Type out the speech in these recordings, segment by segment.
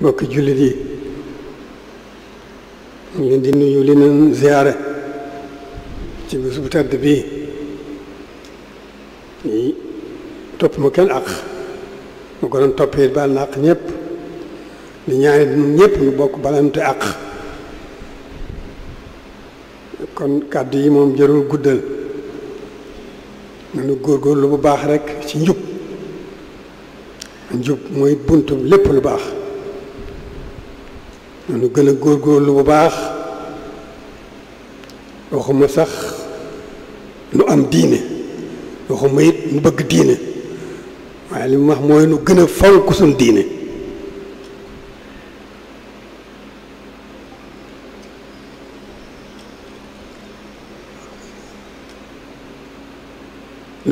mbokki jullit yi ñu leen di nuyu li leen ziyaare ci bés bu tedd bii ñi topp ma kenn àq ma ko doon toppee baal àq ñëpp di ñaani ñëpp ñu bokk balante àq kon kàddu yi moom jëlul guddal nanu góorgóorlu bu baax rek ci njub njub mooy buntu lépp lu baax ñu gën a góorgóorlu bu baax waxuma sax nu am diine waxuma it nu bëgg diine waaye li mu wax mooy nu gën a fonk suñ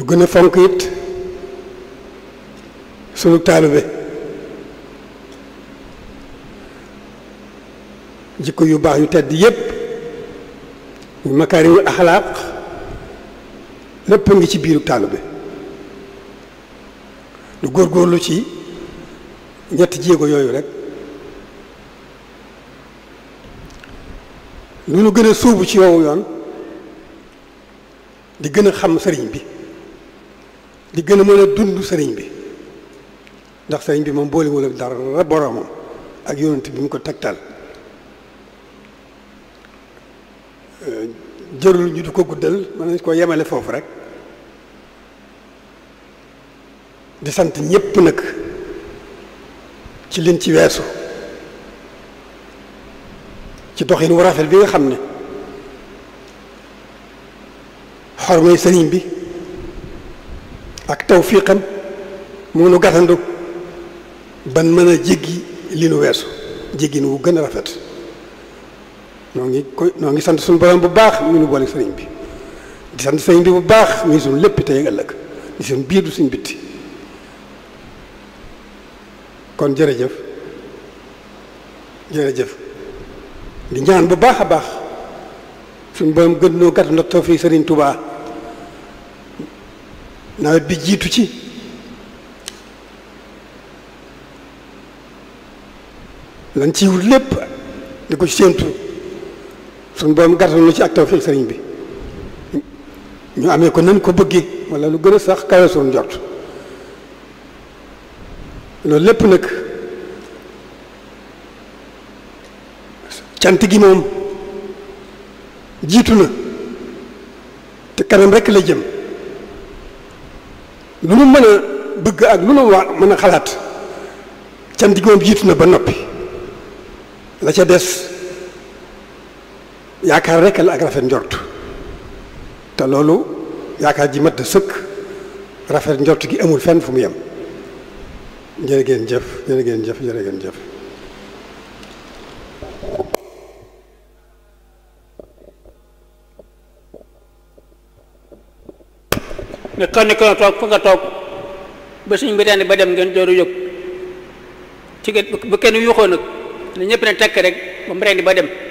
gën a fonk sunu taalibe jikko yu baax yu tedd yépp ñu makaarimul axlaaq ngi ci biiru bi du góor góorlu ci ñetti jéego yooyu rek lu nu gën a suubu ci yow yoon di gën a xam sëriñ bi di gën a mën a dund sëriñ bi ndax sëriñ bi moom boolewul ak dara boroomam ak yonent bi mu ko tegtal euh, jërul ñu du ko guddal mën nañ ko yemale foofu rek di sant ñépp nag ci liñ ci weesu ci doxin wu rafet bi nga xam ne mi sëriñ bi ak tawfiqam mu nu gasandu ban mën a jéggi li nu weesu jéggin wu gën a rafet noo ngi koy noo ngi sant suñ borom bu baax mi nu boole sëriñ bi di sant sëriñ bi bu baax mi suñu lépp tey ëllëg di suñu biir du suñ bitti kon jërëjëf jërëjëf di ñaan bu baax a baax suñu borom gën noo gàtt ndox fii sëriñ Touba nawet bi jiitu ci lañ ci lépp di ko ci séentu suñu borom gàttal nu ci ak tawfeex bi ñu amee ko nan ko bëggee wala lu gën a sax kawe suñu njort loolu lépp nag cant gi moom jiitu na te kanam rekk la jëm lu nu mën a bëgg ak lu nu wax mën a xalaat cant gi moom jiitu na ba noppi la ca des yaakaar rekk la ak rafet njort te loolu yaakaar ji mat da sëkk rafet njort gi amul fenn fu mu yem jërë ngeen jëf jërë ngeen jëf jërë ngeen jëf nga xam ne ko toog fa nga toog ba suñ bi ba dem ngeen dooru yëg ci bu kenn yuuxoo nag ne ñëpp ne tekk rek ba mu ba dem